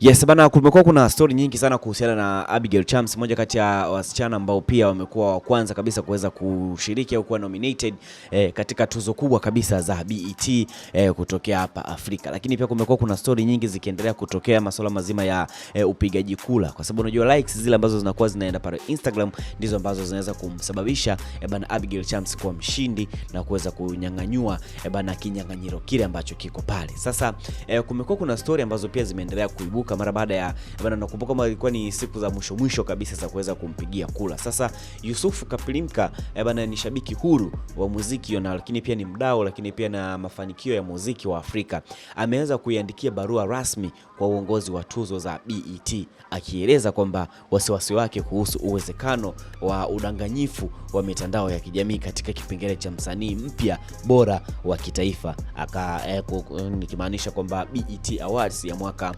Yes, bana, kumekuwa kuna story nyingi sana kuhusiana na Abigail Chams, moja kati ya wasichana ambao pia wamekuwa wa kwanza kabisa kuweza kushiriki au kuwa nominated eh, katika tuzo kubwa kabisa za BET eh, kutokea hapa Afrika. Lakini pia kumekuwa kuna story nyingi zikiendelea kutokea masuala mazima ya eh, upigaji kula, kwa sababu unajua likes zile ambazo zinakuwa zinaenda pale Instagram ndizo ambazo zinaweza kumsababisha eh, bana Abigail Chams kuwa mshindi na kuweza kunyang'anyua eh, bana kinyang'anyiro kile ambacho kiko pale. Sasa eh, kumekuwa kuna story ambazo pia zimeendelea kuibuka kuibuka mara baada ya bana, nakumbuka kama ilikuwa ni siku za mwisho mwisho kabisa za kuweza kumpigia kula. Sasa Yusufu Kapilimka eh, bana, ni shabiki huru wa muziki yona, lakini pia ni mdau, lakini pia na mafanikio ya muziki wa Afrika. Ameweza kuiandikia barua rasmi kwa uongozi wa tuzo za BET akieleza kwamba wasiwasi wake kuhusu uwezekano wa udanganyifu wa mitandao ya kijamii katika kipengele cha msanii mpya bora wa kitaifa, eh, nikimaanisha kwamba BET Awards ya mwaka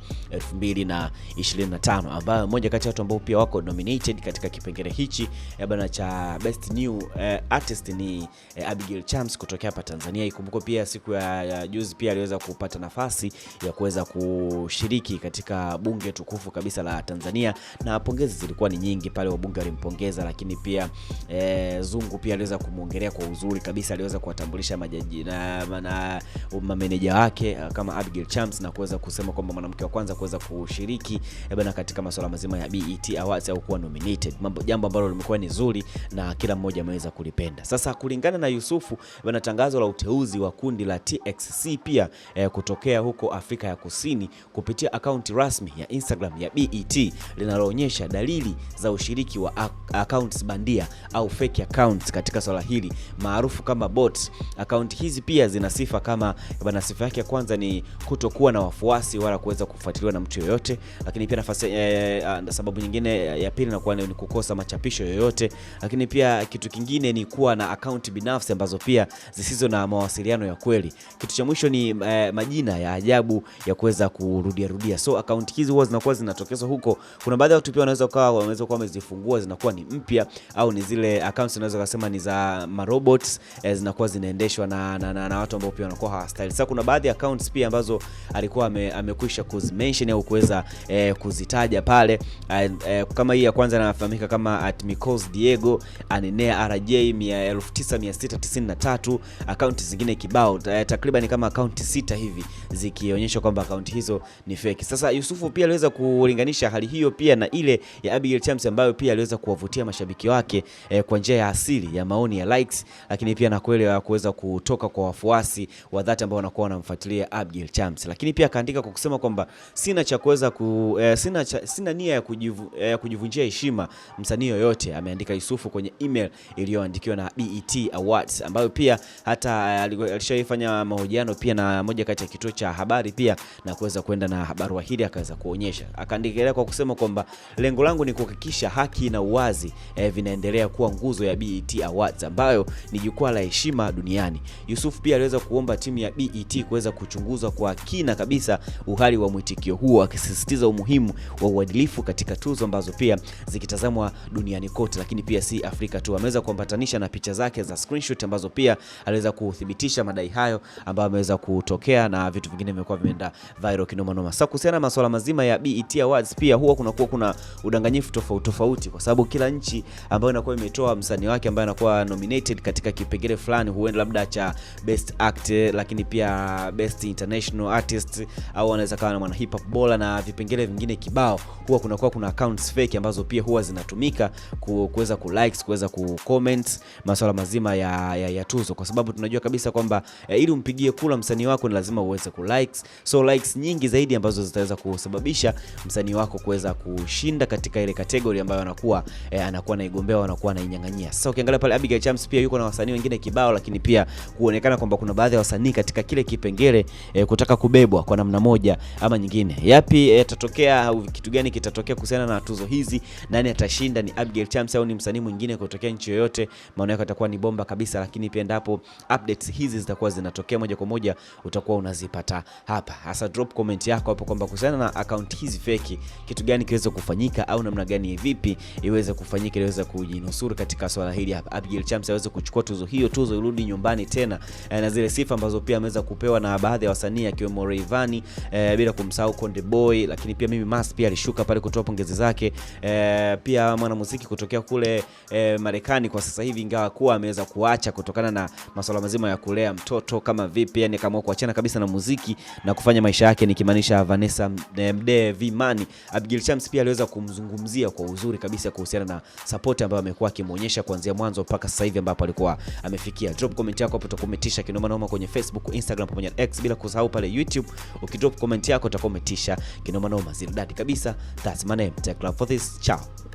2025, ambayo moja kati ya watu ambao pia wako nominated katika kipengele hichi eh, bana cha best new eh, artist ni eh, Abigail Chams kutokea hapa Tanzania. Ikumbukwe pia siku ya, ya juzi pia aliweza kupata nafasi ya kuweza kushiriki katika bunge tukufu kabisa la Tanzania, na pongezi zilikuwa ni nyingi pale, wabunge walimpongeza, lakini pia eh, Zungu pia aliweza kumwongelea kwa uzuri kabisa, aliweza kuwatambulisha majaji na, na mameneja wake eh, kama Abigail Chams na kuweza kusema kwamba mwanamke wa kwanza kuweza ku kushiriki eh, bana katika masuala mazima ya BET Awards au kuwa nominated, mambo jambo ambalo limekuwa ni zuri na kila mmoja ameweza kulipenda. Sasa kulingana na Yusufu bana, tangazo la uteuzi wa kundi la TXC pia eh, kutokea huko Afrika ya Kusini kupitia akaunti rasmi ya Instagram ya BET linaloonyesha dalili za ushiriki wa accounts bandia au fake accounts katika swala hili maarufu kama bots. Akaunti hizi pia zina sifa kama bana, sifa yake ya kwanza ni kutokuwa na wafuasi wala kuweza kufuatiliwa na mtu machapisho yoyote, lakini pia nafasi e, sababu nyingine ya pili inakuwa ni kukosa machapisho yoyote, lakini pia kitu kingine ni kuwa na akaunti binafsi ambazo pia zisizo na mawasiliano ya kweli. Kitu cha mwisho ni eh, majina ya ajabu ya kuweza kurudia rudia, so akaunti hizi huwa zinakuwa zinatokezwa huko. Kuna baadhi ya watu pia wanaweza kuwa wanaweza kuwa wamezifungua zinakuwa ni mpya, au ni zile accounts unaweza kusema ni za marobots eh, zinakuwa zinaendeshwa na, na, na, na watu ambao pia wanakuwa hawastyle. Sasa kuna baadhi ya accounts pia ambazo alikuwa amekwisha kuzimention au kuweza eh, kuzitaja pale eh, eh, kama hii ya kwanza inafahamika kama at Micos Diego Anenea RJ 9693 akaunti zingine kibao eh, takriban kama akaunti sita hivi zikionyesha kwamba akaunti hizo ni fake. Sasa Yusufu pia aliweza kulinganisha hali hiyo pia na ile ya Abigail Chams ambayo pia aliweza kuwavutia mashabiki wake eh, kwa njia ya asili ya maoni ya likes, lakini pia na kweli ya kuweza kutoka kwa wafuasi wa dhati ambao wanakuwa wanamfuatilia Abigail Chams, lakini pia akaandika kwa kusema kwamba sina cha kuweza ku, eh, sina, cha, sina nia ya kujivu, eh, kujivunjia heshima msanii yoyote, ameandika Yusufu kwenye email iliyoandikiwa na BET Awards, ambayo pia hata eh, alishaifanya mahojiano pia na moja kati ya kituo cha habari pia na kuweza kwenda na barua hili akaweza kuonyesha, akaendelea kwa kusema kwamba lengo langu ni kuhakikisha haki na uwazi eh, vinaendelea kuwa nguzo ya BET Awards ambayo ni jukwaa la heshima duniani. Yusufu pia aliweza kuomba timu ya BET kuweza kuchunguza kwa kina kabisa uhali wa mwitikio huo wakisisitiza umuhimu wa uadilifu katika tuzo ambazo pia zikitazamwa duniani kote, lakini pia si Afrika tu. Ameweza kuambatanisha na picha zake za screenshot ambazo pia aliweza kuthibitisha madai hayo ambayo ameweza kutokea na vitu vingine vimekuwa vimeenda viral kinoma noma. Sasa kuhusiana na masuala mazima ya BET Awards, pia huwa kuna kuwa kuna udanganyifu tofauti tofauti, kwa sababu kila nchi ambayo inakuwa imetoa msanii wake ambaye anakuwa nominated katika kipengele fulani, huenda labda cha best act, lakini pia best international artist au anaweza kawa na mwana hip hop bora Lola na vipengele vingine kibao, huwa kunakuwa kuna accounts fake ambazo pia huwa zinatumika kuweza ku likes, kuweza ku comments masuala mazima ya, ya, ya tuzo, kwa sababu tunajua kabisa kwamba eh, ili umpigie kula msanii wako ni lazima uweze ku likes. So likes nyingi zaidi ambazo zitaweza kusababisha msanii wako kuweza kushinda katika ile category ambayo anakuwa eh, anakuwa naigombea, anakuwa anainyang'anyia. Sasa so, ukiangalia pale Abigail Chams pia yuko na wasanii wengine kibao, lakini pia kuonekana kwamba kuna baadhi ya wasanii katika kile kipengele eh, kutaka kubebwa kwa namna moja ama nyingine. Yaani yapi eh, yatatokea, au kitu gani kitatokea kuhusiana na tuzo hizi, nani atashinda, ni Abigail Chams au ni msanii mwingine kutokea nchi yoyote, maana yake atakuwa ni bomba kabisa. Lakini pia endapo updates hizi zitakuwa zinatokea moja kwa moja, utakuwa unazipata hapa. Hasa drop comment yako hapo kwamba kuhusiana na account hizi feki, kitu gani kiweze kufanyika au namna gani vipi iweze kufanyika ili iweze kujinusuru katika swala hili hapa, Abigail Chams aweze kuchukua tuzo hiyo, tuzo irudi nyumbani tena, eh, na zile sifa ambazo pia ameweza kupewa na baadhi ya wasanii akiwemo Rayvanny, eh, bila kumsahau Konde Boy, lakini pia Mimi Mas pia alishuka pale kutoa pongezi zake e, pia mwanamuziki kutokea kule e, Marekani kwa sasa hivi, ingawa kuwa ameweza kuacha kutokana na masuala mazima ya kulea mtoto kama vipi, yani akaamua kuachana kabisa na muziki na kufanya maisha yake, nikimaanisha Vanessa eh, Mdee Vimani. Abigail Chams pia aliweza kumzungumzia kwa uzuri kabisa kuhusiana na support ambayo amekuwa akimuonyesha kuanzia mwanzo mpaka sasa hivi ambapo alikuwa amefikia. Drop comment yako hapo, utakometisha kinoma noma kwenye Facebook, Instagram pamoja na X, bila kusahau pale YouTube. Ukidrop comment yako utakometisha kinoma noma, kabisa. That's my name. Take love for this. Ciao.